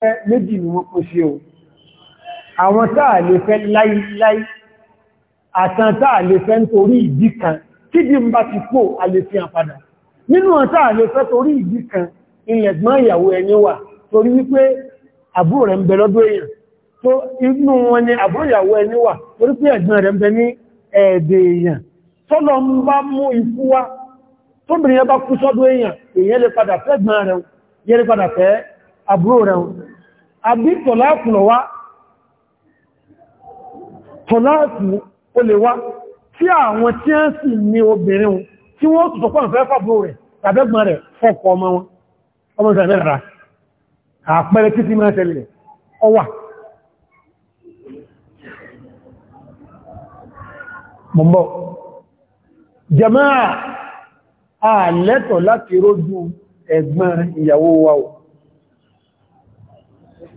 fẹ́ méjì ni wọ́n kó sí o àwọn táà lè fẹ́ láíláí àtàn táà lè fẹ́ nítorí ìdí kan tí di ń bá ti kó a lè fi hàn padà nínú táà lè fẹ́ torí ìdí kan ilẹ̀gbọ́n ìyàwó ẹni wà torí wípé àbúrò rẹ̀ ń bẹ lọ́dọ̀ èèyàn tó inú wọn ni àbúrò ìyàwó ẹni wà torí pé ẹ̀gbọ́n rẹ̀ ń bẹ ní ẹ̀ẹ̀dẹ̀ èèyàn tọ́lọ ń bá mú ikú wá tóbìnrin ẹbá kú sọ́dọ̀ èèyàn èèyàn lè padà fẹ́ ẹ̀gbọ́n rẹ̀ yẹ́ àbí tọ̀láàkù lọ wá tọ̀láàkù o lè wá tí àwọn tí a ń sì ní obìnrin wọn tí wọ́n tó tọ́pọ̀ ìfẹ́ fàbó rẹ̀ tàbẹ́gbọ́n rẹ̀ fọ́kọ ọmọ wọn ọmọ ìsànlẹ̀ rà àpẹẹrẹ títí máa tẹ̀lẹ̀ ọwà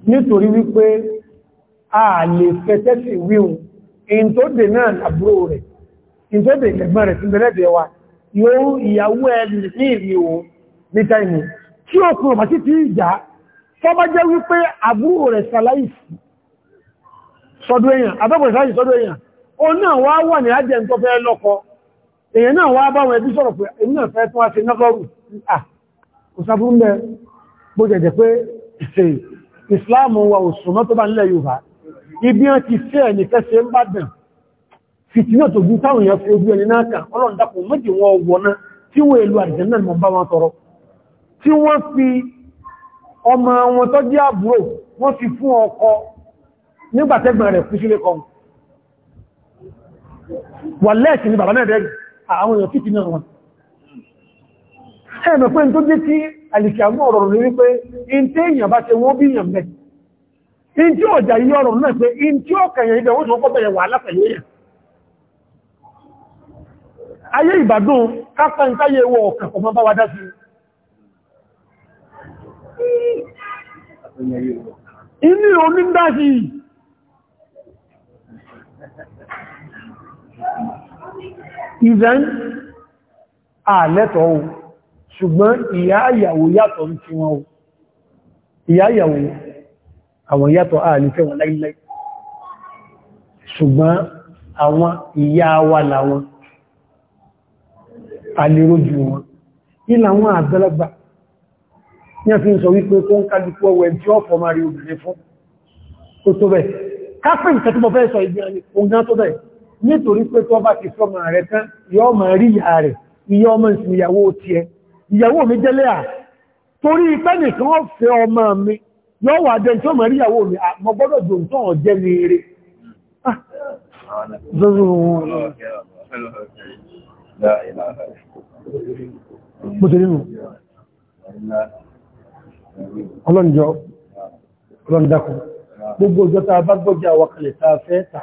nítorí wípé a lè fẹ́tẹ́sì wíhun in tó dè náà àbúrò rẹ̀ in tó dè lẹ́gbọ́n rẹ̀ síbẹ̀ lẹ́gbẹ̀ wa yóò ìyàwó ẹni ní ìrìnwó ní táìmù tí ó kùn bá sí ti ìjà tó bá jẹ́ wípé àbúrò rẹ̀ sàláìsì sọ́dọ̀ èèyàn àbẹ́bọ̀ ìsáyì sọ́dọ̀ èèyàn ó náà wá wà ní ah kò sábúrú mẹ́ bó ìsìláàmù wa òsùnmọ́ tó bá nílẹ̀ Yorùbá ibi wọn ti fẹ́ ẹni kẹsẹ̀ ń bá dàn fìtínà tó gún táwọn èèyàn fi ojú ẹni náà kàn ọlọ́ndàpọ̀ méjì wọn wọ̀ná tí wọ́n èlú àjẹ́nà mọ̀ bá wọn tọrọ tí wọ́n fi ọmọ wọn tó jẹ́ àbúrò wọ́n fi fún ọkọ nígbàtẹ́gbọ̀n rẹ̀ kú sílé kan wà lẹ́ẹ̀kì ni bàbá náà rẹ̀ àwọn èèyàn fìtínà ẹ̀mẹ̀ pé tó jẹ́ kí àlìkàmọ́ ọ̀rọ̀ rẹ̀ wípé in tí èyàn bá ṣe wọ́n bíyàn mẹ́ in tí ọjà yí ọ̀rọ̀ náà pé in tí ó kẹ̀yàn ibẹ̀ wọ́n tó kọ́ bẹ̀rẹ̀ wà lápẹ̀lú èyàn ayé wọ ṣùgbọ́n ìyá ìyàwó yàtọ̀ ń ti wọn o ìyá ìyàwó àwọn yàtọ̀ ààlìfẹ́ wọn láìláì ṣùgbọ́n àwọn ìyá wa làwọn aléròjù wọn ilà àwọn àgbàlagbà ní àfi ń sọ wípé tó ń kálùkú ọwọ́ ẹ̀tí ọ̀fọ́ máa rí obìnrin fún ó tó bẹ̀ káfẹ́ ìkẹ́ tó sọ ìgbìyàn ni ó gán tó bẹ̀ nítorí pé tó bá ti fọ́ rẹ̀ tán yọ́ máa rí ìyá rẹ̀ ìyá ọmọ ìsìnyàwó tiẹ̀ ìyàwó mi jẹ́lẹ́ à torí ipẹ́ nìkan ó fẹ́ ọmọ mi yọ́ wà dẹ̀ tí ó mọ̀ rí ìyàwó mi ah, mọ gbọ́dọ̀ jò tán ọ̀jẹ́ ní eré ọlọ́njọ́ ah. ọlọ́ndakùn gbogbo ọjọ́ ta bá gbọ́jà wà kalẹ̀ ta fẹ́ ta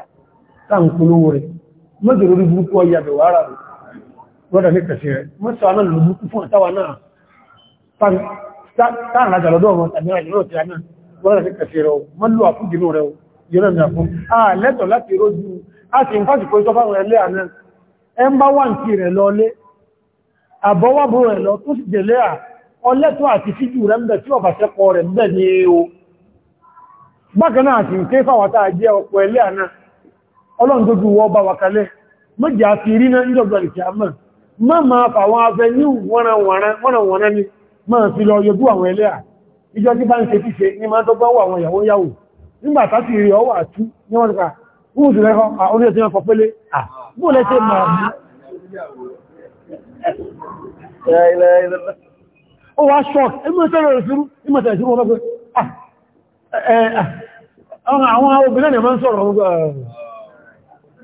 ta ń polówó rẹ̀ mọ́jọ̀ lórí burúkú ọyàbẹ̀wà ara rẹ̀ gbọ́dọ̀ ní pẹ̀sí rẹ̀ mọ́sí wa náà lò mú fún àtàwà náà táà rájà lọ́dọ̀ ọmọ tàbí rájà lọ́dọ̀ tíra náà gbọ́dọ̀ ní pẹ̀sí rẹ̀ mọ́ lò àfújìnú rẹ̀ yọ́nà ní àfún ààlẹ́tọ̀ láti rójú a sì ń fásì kó ìtọ́fà rẹ̀ lé àná ẹ ń bá wà ń tí rẹ̀ lọlé àbọ́wàbọ̀ rẹ̀ lọ tó sì jẹ̀lé à ọlẹ́tọ̀ àti fíjù rẹ̀ ń bẹ̀ tí ọ̀bà sẹ́pọ̀ rẹ̀ ń bẹ̀ ní o bákan náà sì ń ké fàwátà jẹ́ ọlọ́run tó ju wọ́ bá wakalẹ́ mọ́jà fi rí náà ń jọ̀gbọ̀n ìkẹ́ àmọ́ má ma fàwọn afẹ́ ní wọ́nàwọ̀nà ní máa fi lọ yọjú àwọn ẹlẹ́ ìjọ tí bá ń ṣe tíṣe ní máa tó wà àwọn ìyàwó yàwó nígbàtà ti rí ọwà tú ní wọ́n ká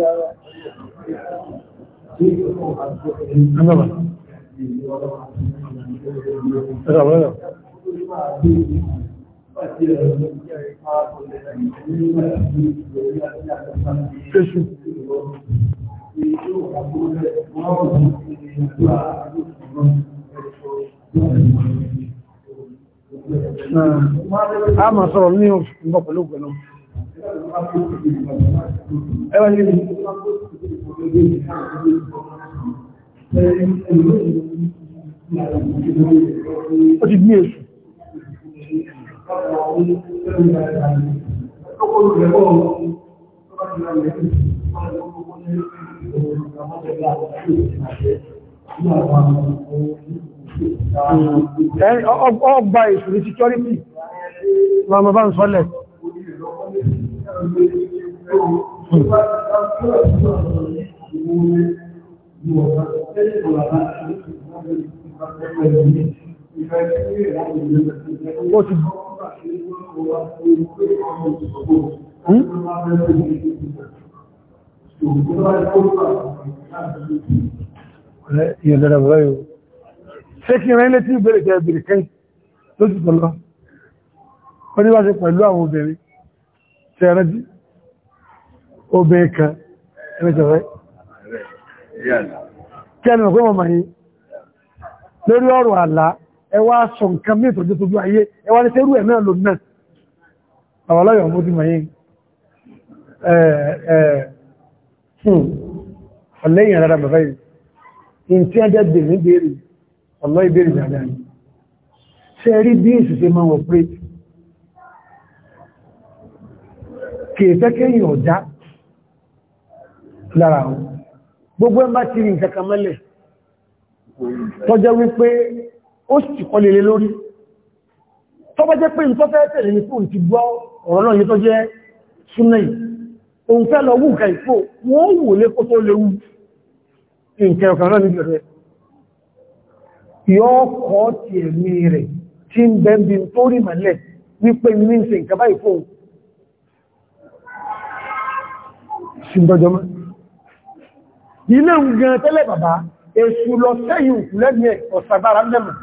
Anọ́mà. Ẹ̀sà mọ́ náà. Ṣéṣù. A máa sọ̀rọ̀ ní ọ̀pọ̀lọpọ̀ náà ẹwà ní ẹni ó ti ní èṣù ọgbà èṣù ní security ma mọ̀ bá ń sọ́lẹ̀ Wọ́n ti Ìyẹ̀dẹ̀rẹ̀ báyìí. Ṣé kí rẹ̀ létí ìbẹ̀rẹ̀ jẹ́ ìbẹ̀rẹ̀ kẹ́ lójú tọ́lọ́? Wọ́n ni wá ṣe pẹ̀lú àwọn obìnrin tẹ́rẹ́dì obìnrin kan ẹlẹ́sẹ̀rẹ́ kẹ́nu ọ̀pọ̀ mọ̀ yìí lórí ọ̀rọ̀ àlá ẹwà sọ nǹkan mẹ́tọ̀ jẹ́ tójú ayé ẹwà ní tẹ́rù ẹ̀ náà lò náà àwọn aláyọ̀ ọmọ ti mọ̀ yìí hmm, ọ̀lẹ́yìn rárá bàbá yìí in tí a jẹ́ bèèrè bèèrè ọ̀lọ́ ìbèèrè dáadáa ṣe rí bí ìṣẹ̀ṣẹ̀ máa wọ̀ pé kìí fẹ́ kéyìn ọ̀dá lára wọn gbogbo ẹmbá ti rí nǹkan mẹ́lẹ̀ tọ́jẹ́ wípé ó sì kọ́ lè lórí tó bá jẹ́ pé n tó fẹ́ tẹ̀lé ní fún ti gbọ́ ọ̀rọ̀ náà yí tó jẹ́ súnà yìí òun fẹ́ lọ wù nǹkan ìfò wọ́n wò lé kó tó léwu nǹkan ọ̀kan náà níbi rẹ̀ yọ́ kọ́ ti ẹ̀mí rẹ̀ tí ń bẹ́m̀bí tó rí màlẹ̀ wípé ní ń ṣe nǹkan báyìí fóun sí dọ́jọ́mọ́ ilé ń gan tẹ́lẹ̀ bàbá èṣù lọ sẹ́yìn lẹ́gbẹ̀ẹ́ ẹ̀ ọ̀sàgbára lẹ́mọ̀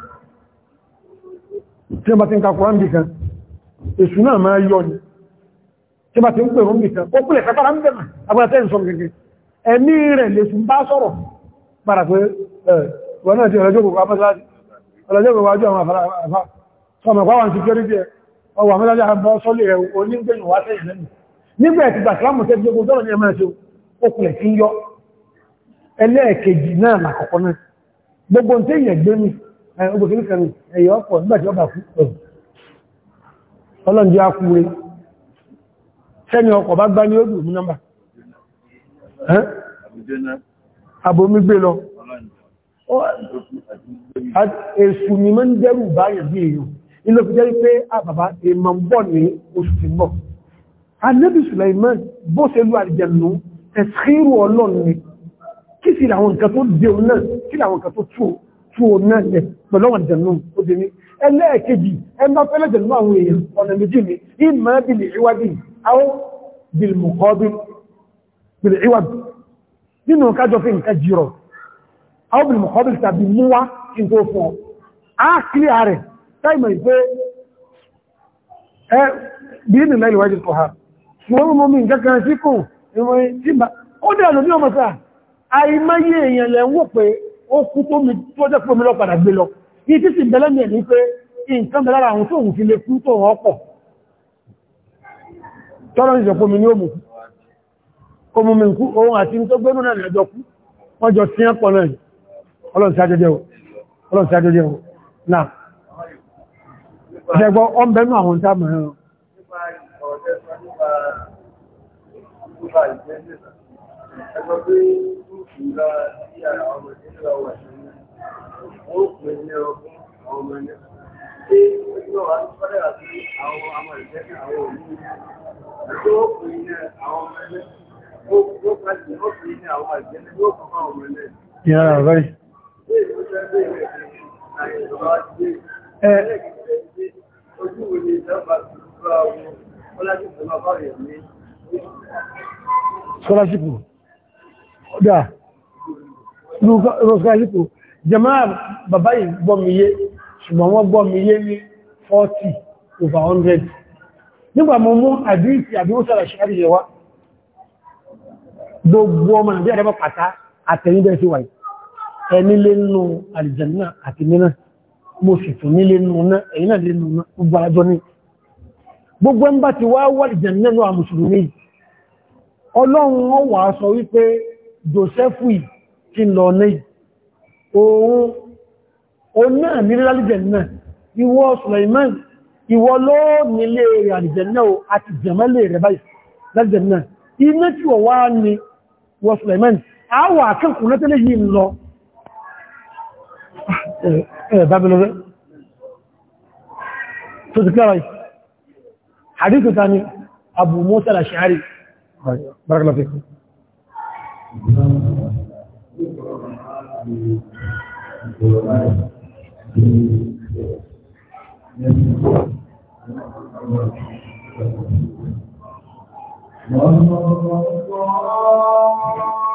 tí wọ́n bá ti ń kakọ̀ ámbì kan èṣù náà máa yọ ni tí wọ́n bá ti ń pèrò ámbì kan ó pìlẹ̀ kakọ̀rọ̀ ámbì kan agbáratẹ́ ìsọ gẹ́gẹ́ ẹ̀mí rẹ̀ lèṣù bá sọ̀rọ̀ para pé wọ́n náà ti ọ̀rọ̀jọ́ gbogbo abọ́sáàdì ọ̀rọ̀jọ́ gbogbo àjọ àwọn àfà ọmọ ìpáwọn security ọwọ́ àmọ́lájá àbọ́ sọ́lẹ̀ onígbẹ̀yìn wá sẹ́yìn lẹ́nu nígbà ẹ̀tì bàtàlámù tẹ́ gbogbo tọ́rọ ní ẹmà ṣe okùnlẹ̀ tí ń yọ ẹlẹ́ẹ̀kejì náà làkọ̀kọ́ náà gbogbo tí èyàn gbé mi ọgbọ̀n kìí ẹ̀yọ ọ̀pọ̀ nígbàtí ọba fún ọ̀rọ̀ ọlọ́njẹ́ abomi gbé lọ èsù ni mọ́ ń dẹ́rù báyẹ̀ bí èyàn ilé fi jẹ́ pé àbàbá ah, èèmọ̀ ń bọ̀ ní oṣù tí bọ̀ Annabi Sulaiman bó ṣe lú àjẹ̀nù ẹ̀sìkírù ọlọ́run ni kí sí àwọn nǹkan tó dé òun náà kí àwọn nǹkan tó tú òun náà lẹ̀ pẹ̀lọ́wọ̀n àjẹ̀nù ó dé ní ẹlẹ́ẹ̀kejì ẹgbà pẹ́lẹ̀jẹ̀nù àwọn èèyàn ọ̀nà méjì ni ìmọ̀ bìlì ìwádì àwọn bìlì mùkọ́bí bìlì ìwádì nínú kájọ fi nǹkan jìrọ̀ àwọn bìlì mùkọ́bí tàbí múwá kí wọ́n mọ́ mi nǹkan kan sí kò ìwọ̀n ìbá ó dẹ̀ lò ní ọmọ sáà àìmáyé èèyàn lẹ ń wò pé ó kú tó mi tó jẹ́ pé mi lọ padà gbé lọ ìtí sì bẹ̀lẹ́ mi ẹ̀ní pé nǹkan bẹ̀lára àwọn tóhun fi lè kú tó wọ́n pọ̀ tọ́rọ ìjọ kó mi ní òmù kó mú mi kú ohun àti tó gbénú náà lẹ́jọ kú wọ́n jọ sí ẹ̀pọ̀ náà ọlọ́run sí ajọ́jẹ́ wọn náà ṣẹgbọ́ ọ́n bẹ́nu àwọn táàmù ẹ̀rọ nípa ìjẹ́ nípa ẹgbẹ́ pé kúrùkù ńlá sí àwọn ọmọ scholarship da scholarship jama'a bàbá yìí gbọ́ mi yé ṣùgbọ́n wọ́n gbọ́ mi yé ní 40 over 100 nígbà mọ́ mú àdíríkì àdíwọ́sára ṣàrí yẹwa gbogbo ọmọ nàbí àdábà pàtà àtẹ̀yìnbẹ̀ sí wáyé ẹni lé nù àlìjànnà àti mìíràn mo sì tún nílé nù náà ẹ̀yìn náà lé nù náà gbogbo àjọ ní gbogbo ń bá ti wá wọ́n ìjẹ̀nẹ́nu à mùsùlùmí ọlọ́run wọ́n wà sọ wípé Joseph ti lọ ní òun oná nílẹ̀ alìjẹ̀nà ìwọ Suleiman ìwọ ló nílé rẹ̀ alìjẹ̀nà àti jẹ̀mẹ́lẹ̀ rẹ̀ báyìí lálìjẹ̀nà iná tí wọ́n hadithu tani abu musa al-ash'ari barakallahu fikum Allah